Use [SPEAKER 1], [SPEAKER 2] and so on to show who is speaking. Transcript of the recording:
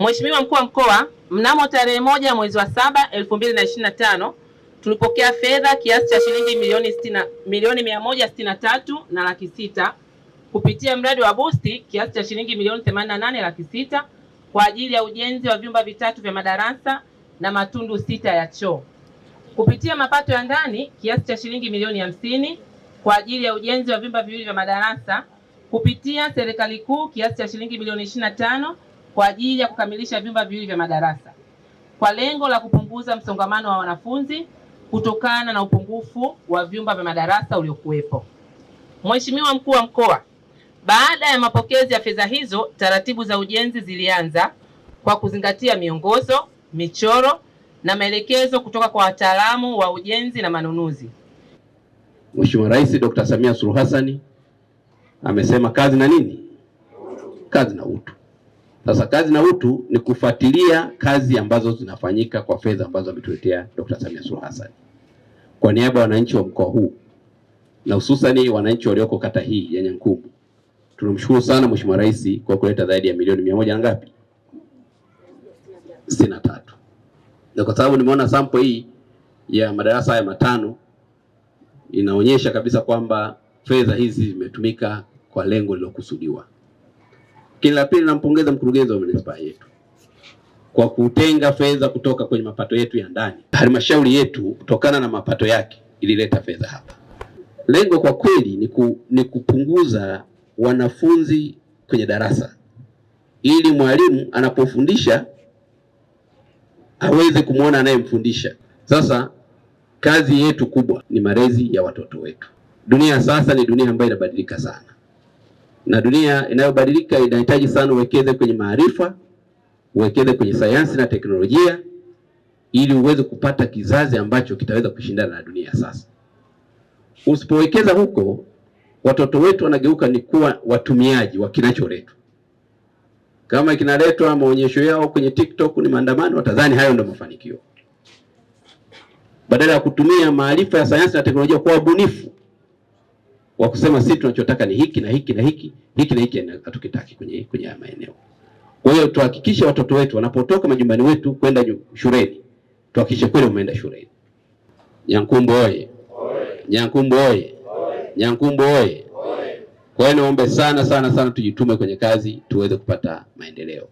[SPEAKER 1] Mheshimiwa Mkuu wa Mkoa, mnamo tarehe moja mwezi wa saba elfu mbili na tano tulipokea fedha kiasi cha shilingi milioni stina, milioni mia moja sitini na tatu na laki sita kupitia mradi wa Busti kiasi cha shilingi milioni nane laki sita kwa ajili ya ujenzi wa vyumba vitatu vya madarasa na matundu sita ya choo. Kupitia mapato ya ndani kiasi cha shilingi milioni hamsini kwa ajili ya ujenzi wa vyumba viwili vya madarasa kupitia serikali kuu kiasi cha shilingi milioni 25 kwa ajili ya kukamilisha vyumba viwili vya madarasa kwa lengo la kupunguza msongamano wa wanafunzi kutokana na upungufu wa vyumba vya madarasa uliokuwepo. Mheshimiwa Mkuu wa Mkoa, baada ya mapokezi ya fedha hizo, taratibu za ujenzi zilianza kwa kuzingatia miongozo, michoro na maelekezo kutoka kwa wataalamu wa ujenzi na manunuzi.
[SPEAKER 2] Mheshimiwa Rais Dr. Samia Suluhu Hassan amesema kazi na nini?
[SPEAKER 3] Kazi na utu.
[SPEAKER 2] Sasa kazi na utu ni kufuatilia kazi ambazo zinafanyika kwa fedha ambazo ametuletea Dr. Samia Suluhu Hassan. Kwa niaba ya wananchi wa mkoa huu na hususani wananchi walioko kata hii ya Nyankumbu, tunamshukuru sana Mheshimiwa Rais kwa kuleta zaidi ya milioni mia moja na ngapi, sitini na tatu, na kwa sababu nimeona sample hii ya madarasa haya matano inaonyesha kabisa kwamba fedha hizi zimetumika kwa lengo lilokusudiwa. Lakini la pili, nampongeza mkurugenzi wa manispaa yetu kwa kutenga fedha kutoka kwenye mapato yetu ya ndani. Halmashauri yetu kutokana na mapato yake ilileta fedha hapa. Lengo kwa kweli ni, ku, ni kupunguza wanafunzi kwenye darasa ili mwalimu anapofundisha aweze kumwona anayemfundisha. Sasa kazi yetu kubwa ni malezi ya watoto wetu. Dunia sasa ni dunia ambayo inabadilika sana na dunia inayobadilika inahitaji sana uwekeze kwenye maarifa, uwekeze kwenye sayansi na teknolojia, ili uweze kupata kizazi ambacho kitaweza kushindana na dunia sasa. Usipowekeza huko, watoto wetu wanageuka ni kuwa watumiaji wa kinacholetwa. Kama kinaletwa maonyesho yao kwenye TikTok ni maandamano, watadhani hayo ndio mafanikio, badala ya kutumia maarifa ya sayansi na teknolojia kwa ubunifu wa kusema sisi tunachotaka ni hiki na hiki na hiki hiki na hiki hatukitaki kwenye kwenye haya maeneo. Kwa hiyo tuhakikishe watoto wetu wanapotoka majumbani wetu kwenda shuleni, tuhakikishe kweli wameenda shuleni. Nyankumbu oye! Nyankumbu oye! Nyankumbu oye! Kwa hiyo niombe sana sana sana tujitume kwenye kazi tuweze kupata maendeleo.